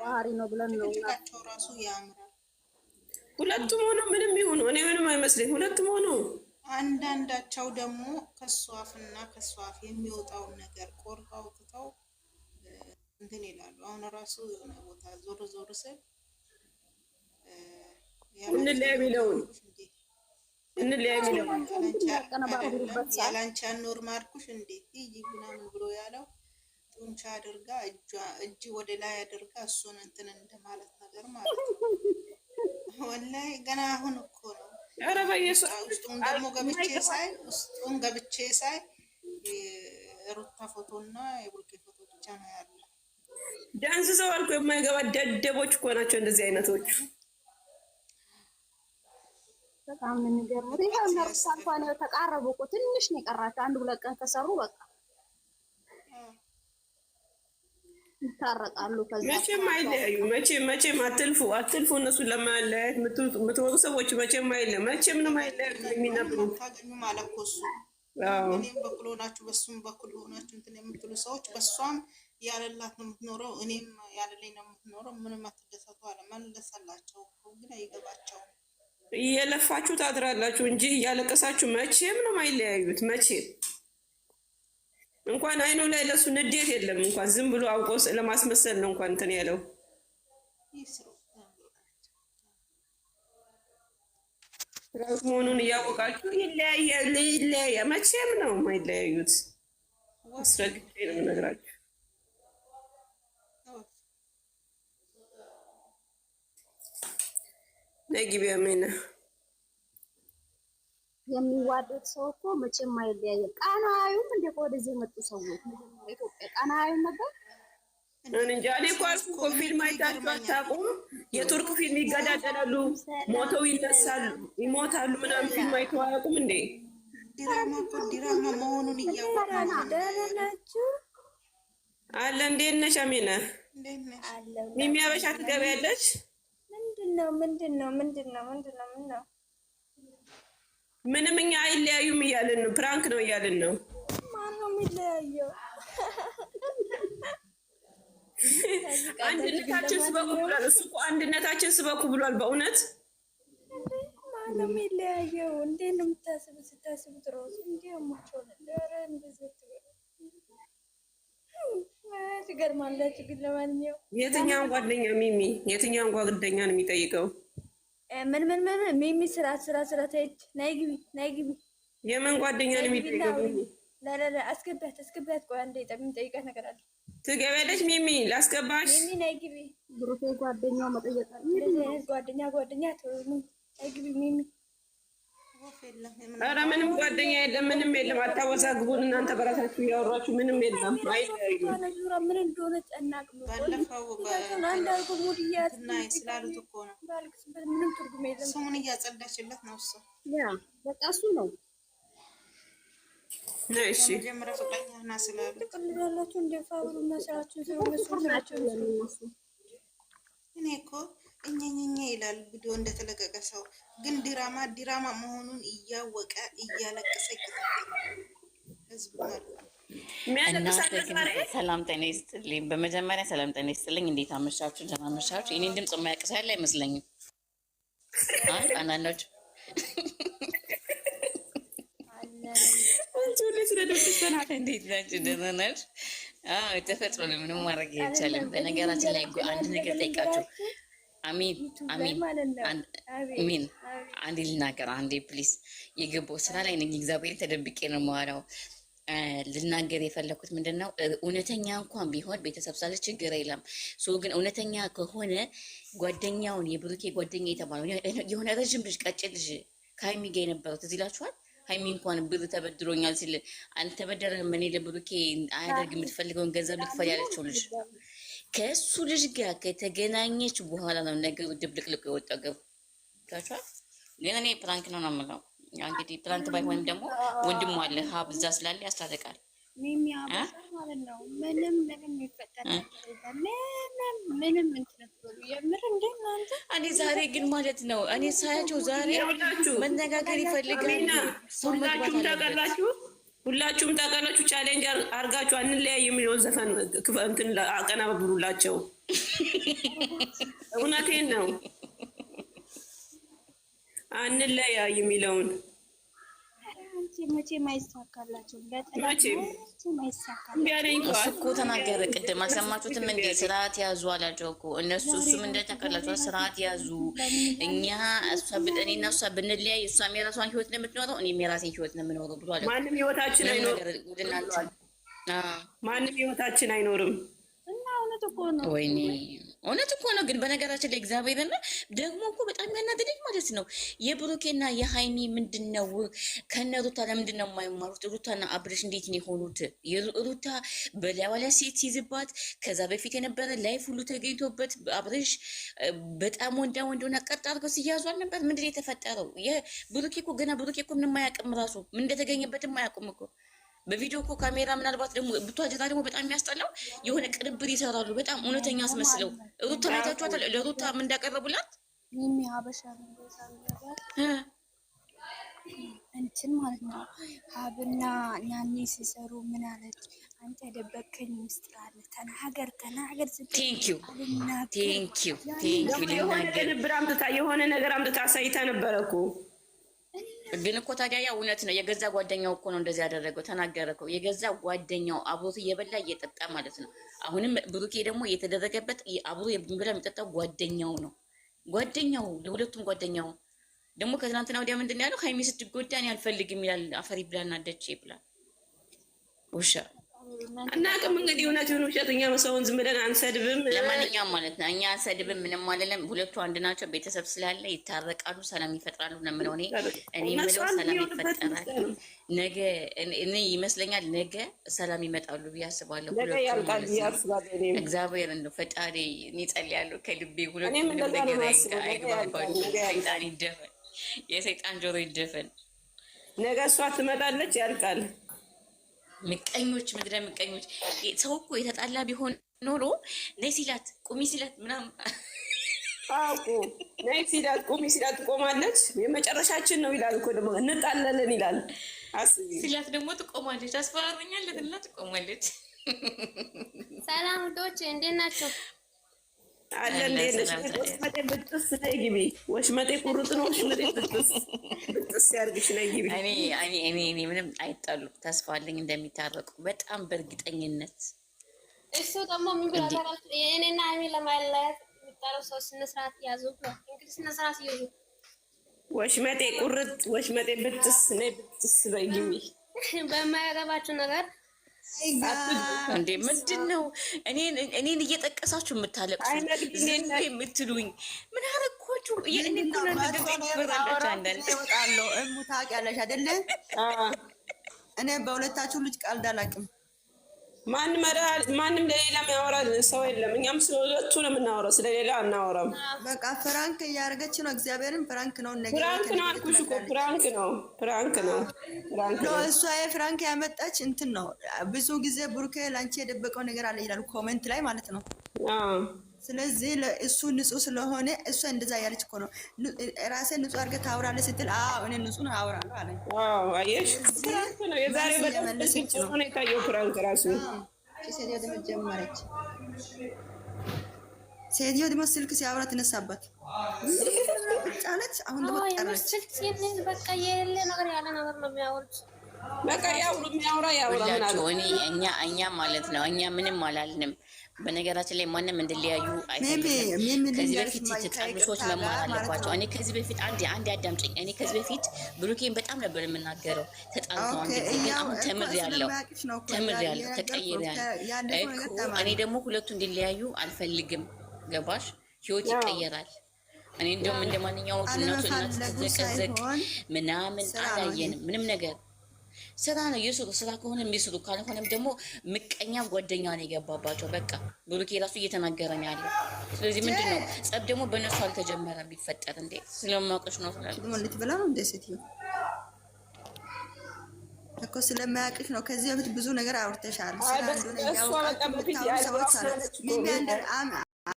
ባህሪ ነው ብለን ነው ሁለቱም ሆኖ ምንም ይሁኑ እኔ ምንም አይመስለኝ። ሁለቱም ሆኖ አንዳንዳቸው ደግሞ ከሷ አፍና ከሷ የሚወጣውን ነገር ቆርጠው አውጥተው እንትን ይላሉ። አሁን ራሱ የሆነ ቦታ ዞር ዞር ስል እንለያ ሚለውን እንለያ ሚለውን ያላንቺ አኖር ማርኩሽ እንዴት ይይ ምናምን ብሎ ያለው ጡንቻ አድርጋ እጅ ወደ ላይ አድርጋ እሱን እንትን እንደማለት ነገር ማለት ነው። ወላሂ ገና አሁን እኮ ነው። ውስጡን ደግሞ ገብቼ ሳይ ውስጡን ገብቼ ሳይ የሩታ ፎቶና የቡልኬ ፎቶ ብቻ ነው ያለ። ዳንስ ሰው አልኩ የማይገባ ደደቦች እኮ ናቸው እንደዚህ አይነቶቹ። በጣም ነው የሚገርሙት። ይሄ እነርሱ እንኳን ተቃረቡ እኮ ትንሽ ነው የቀራቸው። አንድ ሁለት ቀን ከሰሩ በቃ ይታረቃሉ። መቼም አይለያዩ። መቼም መቼም አትልፉ አትልፉ። እነሱ ለማለያየት የምትወጡ ሰዎች መቼም አይለ መቼም ነው አይለያዩ የሚነብሩ ታገኙ ማለት እኮ እሱ እኔም በኩል ሆናችሁ በሱም በኩል ሆናችሁ እንትን የምትሉ ሰዎች በሷም ያለላት ነው የምትኖረው፣ እኔም ያለላይ ነው የምትኖረው። ምንም አትደሰቱ አለ መለሰላቸው። ግን አይገባቸውም። እየለፋችሁ ታድራላችሁ እንጂ እያለቀሳችሁ መቼም ነው አይለያዩት መቼም እንኳን አይኑ ላይ ለሱ ንዴት የለም። እንኳን ዝም ብሎ አውቆ ለማስመሰል ነው እንኳን እንትን ያለው። ራሱ መሆኑን እያወቃችሁ ይለያያል። ይለያያ መቼም ነው የማይለያዩት። አስረግጬ ነው የምነግራችሁ። ነጊቢያ ሜና የሚዋደድ ሰው እኮ መቼም አይለያየ። ቃና ቃናዩም እንደ ወደዚህ የመጡ ሰዎች ኢትዮጵያ ቃና ቃናዩም ነበር። እንጃ እኔ እኮ አልኩ እኮ ፊልም አይታችሁ አታውቁም? የቱርክ ፊልም ይገዳደላሉ፣ ሞተው ይነሳሉ፣ ይሞታሉ ምናምን ፊልም አይተው አያውቁም እንዴ? አለ እንዴት ነሽ አሜና? ሚሚ አበሻ ትገበያለች? ምንድን ነው ምንድን ነው ምንድን ነው ምንድን ነው ምንድን ነው ምንም እኛ አይለያዩም እያልን ነው። ፕራንክ ነው እያልን ነው። ማን ነው የሚለያየው? አንድነታችን ስበኩ ብሏል። እሱ እኮ አንድነታችን ስበኩ ብሏል። በእውነት ማን ነው የሚለያየው? እንዴት ነው የምታስቡት? ስታስቡት ራሱ እንዲ ትገርማላችሁ። ግን ለማንኛውም የትኛውን ጓደኛ ሚሚ፣ የትኛውን ጓደኛ ነው የሚጠይቀው? ምን ምን ምን ሚሚ ስራ ስራ ስራ ተይት ናይ ግቢ ነይ ግቢ። የምን ጓደኛ ነው የሚጠይቀው? ለለለ አስገቢያት አስገቢያት። ቆይ አንዴ ጠብኝ፣ ነገር አለ። ትገቢያለሽ? ሚሚ ላስገባሽ። ሚሚ ናይ ግቢ። ብሩኬ ጓደኛው መጠየቅ አለ። ጓደኛ ጓደኛ ተወኝ። ነይ ግቢ ሚሚ ኧረ ምንም ጓደኛ የለም፣ ምንም የለም። አታወዛግቡን እናንተ በራሳችሁ እያወራችሁ ምንም የለም። ምን እንደሆነች አናውቅም። ስላሉት ነው። ነው እኛኛኛ ይላል ቪዲዮ እንደተለቀቀ ሰው ግን ድራማ ድራማ መሆኑን እያወቀ እያለቀሰ ሰላም ጤና ይስጥልኝ። በመጀመሪያ ሰላም ጤና ይስጥልኝ። እንዴት አመሻችሁ? ደህና አመሻችሁ። የእኔን ድምፅ የማያውቅ ሰው ያለ አይመስለኝም። አንዳንዶች እንዴት ናችሁ? ደህና ናችሁ? ተፈጥሮ ነው ምንም ማድረግ አይቻልም። በነገራችን ላይ አንድ ነገር ጠይቃችሁ አሚን አንድ ልናገር፣ አንዴ ፕሊስ። የገባው ስራ ላይ ነኝ፣ እግዚአብሔር ተደብቄ ነው የማወራው። ልናገር የፈለኩት ምንድን ነው፣ እውነተኛ እንኳን ቢሆን ቤተሰብ ሳለ ችግር የለም። ሶ ግን እውነተኛ ከሆነ ጓደኛውን የብሩኬ ጓደኛ የተባለው የሆነ ረዥም ልጅ ቀጭን ልጅ ከሀይሚ ጋር የነበረው ትዝ ይላችኋል። ሀይሚ እንኳን ብር ተበድሮኛል ሲል አልተበደረህም እኔ ለብሩኬ አያደርግ የምትፈልገውን ገንዘብ ልክፈል ያለችው ልጅ ከእሱ ልጅ ጋር ከተገናኘች በኋላ ነው ነገሩ ድብልቅልቅ የወጣው። ገብቷችኋል? ግን እኔ ፕራንክ ነው ነው የምለው። እንግዲህ ፕራንክ ባይሆንም ደግሞ ወንድሙ አለ ሀብ እዛ ስላለ ያስታርቃል። እኔ ዛሬ ግን ማለት ነው እኔ ሳያቸው ዛሬ መነጋገር ይፈልጋል። ሁላችሁም ታውቃላችሁ ሁላችሁም ታውቃላችሁ። ቻሌንጅ አርጋችሁ አንለያይ የሚለውን ዘፈን እንትን አቀናብሩላቸው። እውነቴን ነው፣ አንለያይ የሚለውን አንቺ መቼም አይሳካላችሁም። እሱ ተናገረ ቅድም አልሰማችሁትም እንዴ? ስርዓት ያዙ አላቸው እኮ እነሱ። እሱም እንደተቀላቸው ስርዓት ያዙ። እኛ እኔና እሷ ብንለያይ እሷም የራሷን ህይወት ነው የምትኖረው፣ እኔም የራሴን ህይወት ነው የምኖረው ብሏል። ማንም ህይወታችን አይኖርም። ማንም ህይወታችን አይኖርም እና እውነት እኮ ነው። ወይኔ እውነት እኮ ነው። ግን በነገራችን ላይ እግዚአብሔርና ደግሞ እኮ በጣም ያናደደኝ ማለት ነው የብሩኬና የሀይሚ ምንድን ነው ከነ ሩታ ለምንድን ነው የማይማሩት? ሩታና አብርሽ እንዴት ነው የሆኑት? ሩታ በላዋላ ሴት ሲይዝባት ከዛ በፊት የነበረ ላይፍ ሁሉ ተገኝቶበት አብርሽ በጣም ወንዳ ወንደሆነ ቀጥ አድርገው ሲያዙ አልነበር? ምንድን የተፈጠረው? ብሩኬ እኮ ገና ብሩኬ እኮ ምንም አያውቅም ራሱ ምን እንደተገኘበትም አያውቁም እኮ በቪዲዮ እኮ ካሜራ ምናልባት ደግሞ ብቷጀታ ደግሞ በጣም የሚያስጠላው የሆነ ቅንብር ይሰራሉ። በጣም እውነተኛ አስመስለው ሩታ ላይታችኋታል? ለሩታ ምን እንዳቀረቡላት እንትን ማለት ነው። ሀብና ያኔ ሲሰሩ ምን አለች? አንተ የደበከኝ ምስጢር አለ ተናገር፣ ተናገር ቴንኪው ቴንኪው የሆነ ቅንብር አምጥታ የሆነ ነገር አምጥታ አሳይታ ነበረ እኮ ግን እኮ ታዲያ ያ እውነት ነው። የገዛ ጓደኛው እኮ ነው እንደዚህ ያደረገው ተናገረከው። የገዛ ጓደኛው አብሮት እየበላ እየጠጣ ማለት ነው። አሁንም ብሩኬ ደግሞ የተደረገበት አብሮ የሚበላ የሚጠጣው ጓደኛው ነው። ጓደኛው ለሁለቱም ጓደኛው ደግሞ ከትናንትና ወዲያ ምንድን ያለው ሀይሚ ስትጎዳን ያልፈልግም ይላል። አፈሪ ብላና ደቼ ብላል ውሻ እና ቅም እንግዲህ እውነትን ይሁን ውሸት እኛ ሰውን ዝም ብለን አንሰድብም። ለማንኛውም ማለት ነው እኛ አንሰድብም፣ ምንም አለለም። ሁለቱ አንድ ናቸው። ቤተሰብ ስላለ ይታረቃሉ፣ ሰላም ይፈጥራሉ። ለምን ሆኔ እኔ ምለው ሰላም ይፈጠራል። ነገ እኔ ይመስለኛል ነገ ሰላም ይመጣሉ ብዬ አስባለሁ። እግዚአብሔር ነው ፈጣሪ። እኔ ከልቤ ሁለቱ ሰይጣን ይደፈን፣ የሰይጣን ጆሮ ይደፈን። ነገ እሷ ትመጣለች፣ ያልቃል። ምቀኞች፣ ምድረ ምቀኞች። ሰው እኮ የተጣላ ቢሆን ኖሮ ነይ ሲላት ቁሚ ሲላት ምናምን አቁ ነይ ሲላት ቁሚ ሲላት ትቆማለች። የመጨረሻችን ነው ይላል እኮ ደግሞ እንጣላለን ይላል። ሲላት ደግሞ ትቆማለች። አስፈራረኛለት እና ትቆማለች። ሰላም ዶች እንዴት ናቸው? ወሽመጤ ቁርጥ ነው። ወሽመጤ ብጥስ ነይ ግቢ። እኔ ምንም ተስፋ አለኝ እንደሚታረቁ በጣም በእርግጠኝነት። እሱ ደግሞ ምን ብሎ እኔና ሀይሚ የሚጣለው ሰው ስነ ስርዓት ያዙ። እንግዲህ ስነ ስርዓት ይዙ። ወሽመጤ ቁርጥ፣ ወሽመጤ ብጥስ፣ ነይ ብጥስ በይ ግቢ በማያገባችሁ ነገር እንዴ ምንድን ነው እኔን እየጠቀሳችሁ የምታለቅሱት የምትሉኝ? ምን አረኮችሁ? እሙ ታውቂያለሽ አይደለ? እኔ በሁለታችሁ ልጅ ቃል ዳላቅም ማንም ለሌላ የሚያወራ ሰው የለም። እኛም ስለሁለቱ ነው የምናወራው፣ ስለሌላ አናወራም። በቃ ፍራንክ እያደረገች ነው። እግዚአብሔርን ፍራንክ ነው ፍራንክ ነው አልኩሽ እኮ ፍራንክ ነው ፍራንክ ነው እሷ የፍራንክ ያመጣች እንትን ነው። ብዙ ጊዜ ብሩኬ ላንቺ የደበቀው ነገር አለ ይላሉ ኮመንት ላይ ማለት ነው። ስለዚህ እሱ ንጹህ ስለሆነ እሱ እንደዛ ያለች እኮ ነው። ራሴ ንጹህ አድርገህ ታውራለህ ስትል እኔ ንጹህ ነው አውራለሁ አለ። ነው ሴትዮ ደግሞ ስልክ ሲያወራ ትነሳበት ጫለች። አሁን ደግሞ ጠረች። በቃ የሌለ ያውራ እኛ ማለት ነው እኛ ምንም አላልንም። በነገራችን ላይ ማንም እንድለያዩ ከዚህ በፊት የተጣሉ ሰዎች መማር አለባቸው። እኔ ከዚህ በፊት አንድ አንድ አዳምጪኝ። እኔ ከዚህ በፊት ብሩኬን በጣም ነበር የምናገረው። ተጣልተው አንድ ጊዜ አሁን ያለው ተቀይር ያለ እኔ ደግሞ ሁለቱ እንድለያዩ አልፈልግም። ገባሽ? ህይወት ይቀየራል። እኔ እንደውም እንደማንኛውም እናቱ እናት ስትዘቀዘቅ ምናምን አላየንም ምንም ነገር ስራ ነው የሱ ስራ ከሆነ የሚስሩ ካልሆነም ደግሞ ምቀኛ ጓደኛ ነው የገባባቸው። በቃ ብሩኬ ራሱ እየተናገረ ነው ያለው። ስለዚህ ምንድን ነው ጸብ ደግሞ በእነሱ አልተጀመረ ቢፈጠር እንዴ ስለማውቅሽ ነው ልትብላ ነው እንደ እኮ ስለማያውቅሽ ነው። ከዚህ በፊት ብዙ ነገር አውርተሻል። ሰዎች